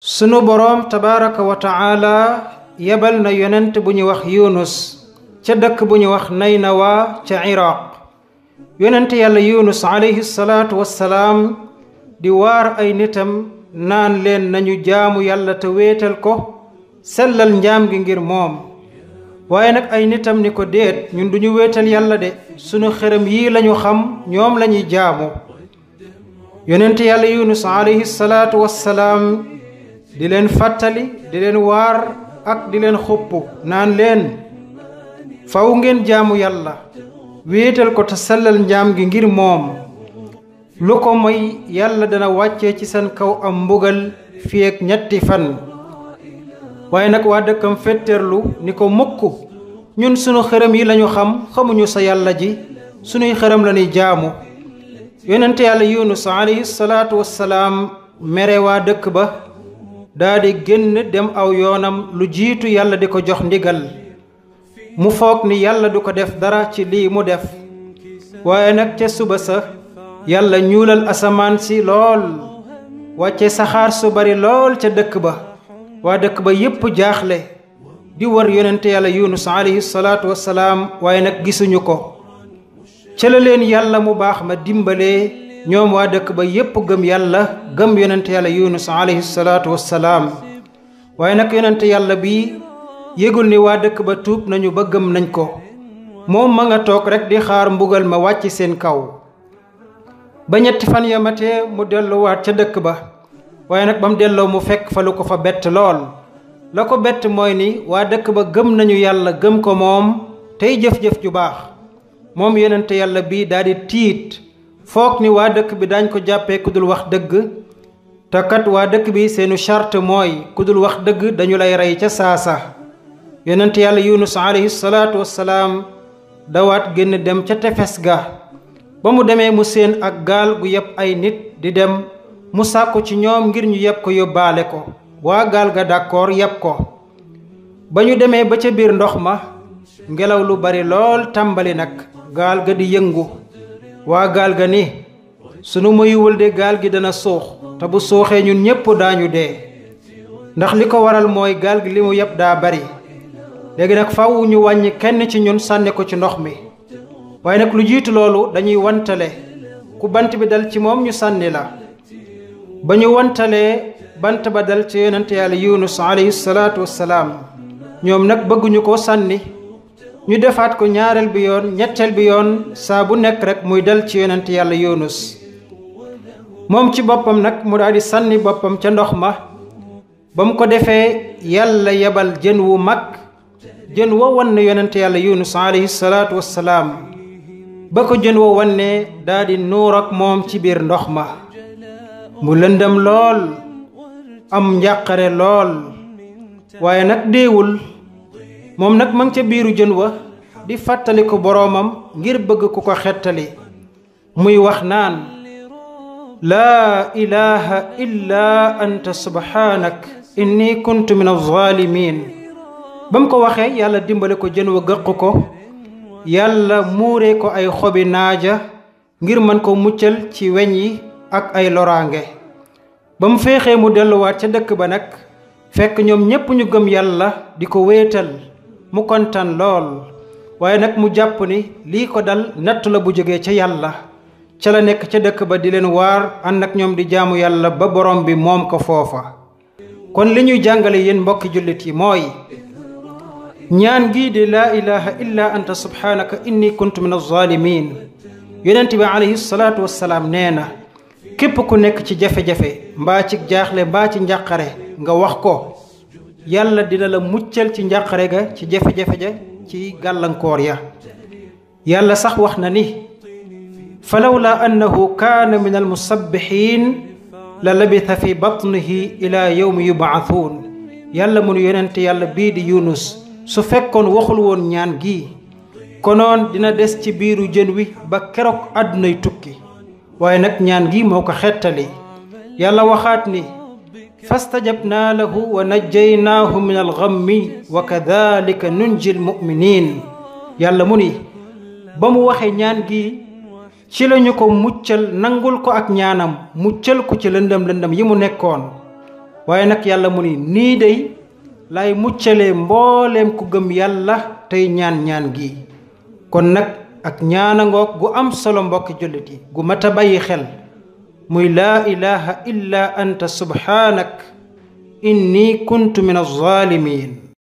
sunu boroom tabaaraka wa taala yebal na yonent bu ñu wax yunus ca dëkk bu ñu wax Naynawa ca Iraq yonent yàlla yunus alayhi salaatu wassalaam di waar ay nitam naan leen nañu jaamu yàlla te wéetal ko sellal njaam gi ngir moom waaye nag ay nitam ni ko déet ñun duñu wéetal yàlla de sunu xërëm yii lañu xam ñoom lañuy jaamu yonent yàlla yunus alayhi salaatu wassalaam di leen fàttali di leen waar ak di leen xupp naan leen faw ngeen jaamu yàlla wéetal ko te sellal njaam gi ngir moom lu ko moy yàlla dana wàcce ci seen kaw am mbugal fii ak ñetti fan waaye nag waa dëkkam fetteerlu ni ko mukk ñun sunu xërëm yi lañu xam xamuñu sa yàlla ji sunuy xërëm lañuy jaamu yonente yàlla yunus alayhi salaatu wassalaam mere waa dëkk ba daa di génn dem aw yoonam lu jiitu yàlla di ko jox ndigal mu foog ni yàlla du ko def dara ci lii mu def waaye nag ca suba sa yàlla ñuulal asamaan si lool wàcce saxaar su bari lool ca dëkk ba waa dëkk ba yépp jaaxle di war yonente yàlla yunus alayhi salaatu wassalaam waaye nag gisuñu ko ca yàlla mu baax ma dimbalee ñoom waa dëkk ba yépp gëm yàlla gëm yonent yàlla yunus alayhi salaatu wassalaam waaye nag yonent yàlla bi yégul ni waa dëkk ba tuub nañu ba gëm nañ ko moom ma nga toog rekk di xaar mbugal ma wàcc seen kaw ba ñetti fan ya matee mu delluwaat ca dëkk ba waaye nag ba mu delloo mu fekk fa lu ko fa bett lool la ko bett mooy ni waa dëkk ba gëm nañu yàlla gëm ko moom tey jëf-jëf ju baax moom yonent yàlla bi daldi tiit foog ni waa dëkk bi dañ ko jàppee ku dul wax dëgg te kat waa dëkk bi seenu charte mooy ku dul wax dëgg dañu lay rey ca saasa yonent yàlla yunus alayhi salaatu wassalaam dawaat génn dem ca tefes ga ba mu demee mu séen ak gaal gu yeb ay nit di dem mu sàkku ci ñoom ngir ñu yeb ko yóbbaale ko waa gaal ga d'accord yeb ko ba ñu demee ba ca biir ndox ma ngelaw lu bari lool tàmbali nag gaal ga di yëngu waa gaal ga ni sunu mayuwul de gaal gi dana suux te bu suuxee ñun ñépp daañu dee ndax li ko waral mooy gaal gi li mu yëpp daa bari léegi nag faw ñu wàññi kenn ci ñun sànni ko ci ndox mi waaye nag lu jiitu loolu dañuy wantale ku bant bi dal ci moom ñu sànni la ba ñu wantalee bant ba dal ci yonent yàlla yunus alayhi salaatu wassalaam ñoom nag bëgguñu ko sànni ñu defaat ko ñaareel bi yoon ñetteel bi yoon saa bu nekk rek muy dal ci yonent yàlla yunus moom ci boppam nag mu daal di sànni boppam ca ndox ma ba mu ko defee yàlla yebal jën wu mag jën wa wanne yonent yàlla yunus alayhi salaatu wassalaam ba ko jën wa wanne daldi nuur ak moom ci biir ndox ma mu lëndam lool am njàqare lool waaye nag déewul mom nak mang biru ca biiru jeun wa di ko boromam ngir bëgg ku ko xettali muy wax naan la ilaha illa anta subhanak inni kuntu min alzalimin zalimin. bam ko waxe yalla dimbalé ko jeun wa gëq ko yalla muuree ko ay xobi naaja ngir man ko muccel ci weñ yi ak ay lorange. fexé mu delu wat delluwaat ca dëkk ba nak fekk ñom ñepp ñu gëm yalla di wétal mu kontaan lool waaye nag mu jàpp ni lii ko dal natt la bu jógee ca yàlla ca la nekk ca dëkk ba di leen waar ànd ak ñoom di jaamu yàlla ba borom bi moom ko foofa kon li ñuy jàngale yéen mbokki jullit yi mooy ñaan gii di laa ilaha illa anta subhanaka inni kuntu min alzalimin yonent bi alayhi salaatu salaam nee na képp ku nekk ci jafe-jafe mbaa ci jaaxle mbaa ci njàqare nga wax ko yàlla dina la muccal ci njàqare ga ci jafe-jafe ja ci gàllankoor ya yàlla sax wax na ni falawla annahu kaana min almusabbixiin la labitha fi batnihi ila yawmi yubaathuun yàlla mënu yonent yàlla bii di yunus su fekkoon waxul woon ñaan gi konoon dina des ci biiru jën wi ba keroog àddunay tukki waaye nag ñaan gi moo ko xettali yàlla waxaat ni fastajabnaa lahu wa najjaynaahu min alxammi wa kadalika nunji almuminin yàlla mu ni ba mu waxee ñaan gi ci lañu ko muccal nangul ko ak ñaanam muccal ko ci lëndëm lëndëm yi mu nekkoon waaye nag yàlla mu ni nii day lay muccalee mboolem ku gëm yàlla tey ñaan ñaan gi kon nag ak ñaanangoog gu am solo mbokki jullit yi gu mat a bàyyi xel مي لا إله إلا أنت سبحانك إني كنت من الظالمين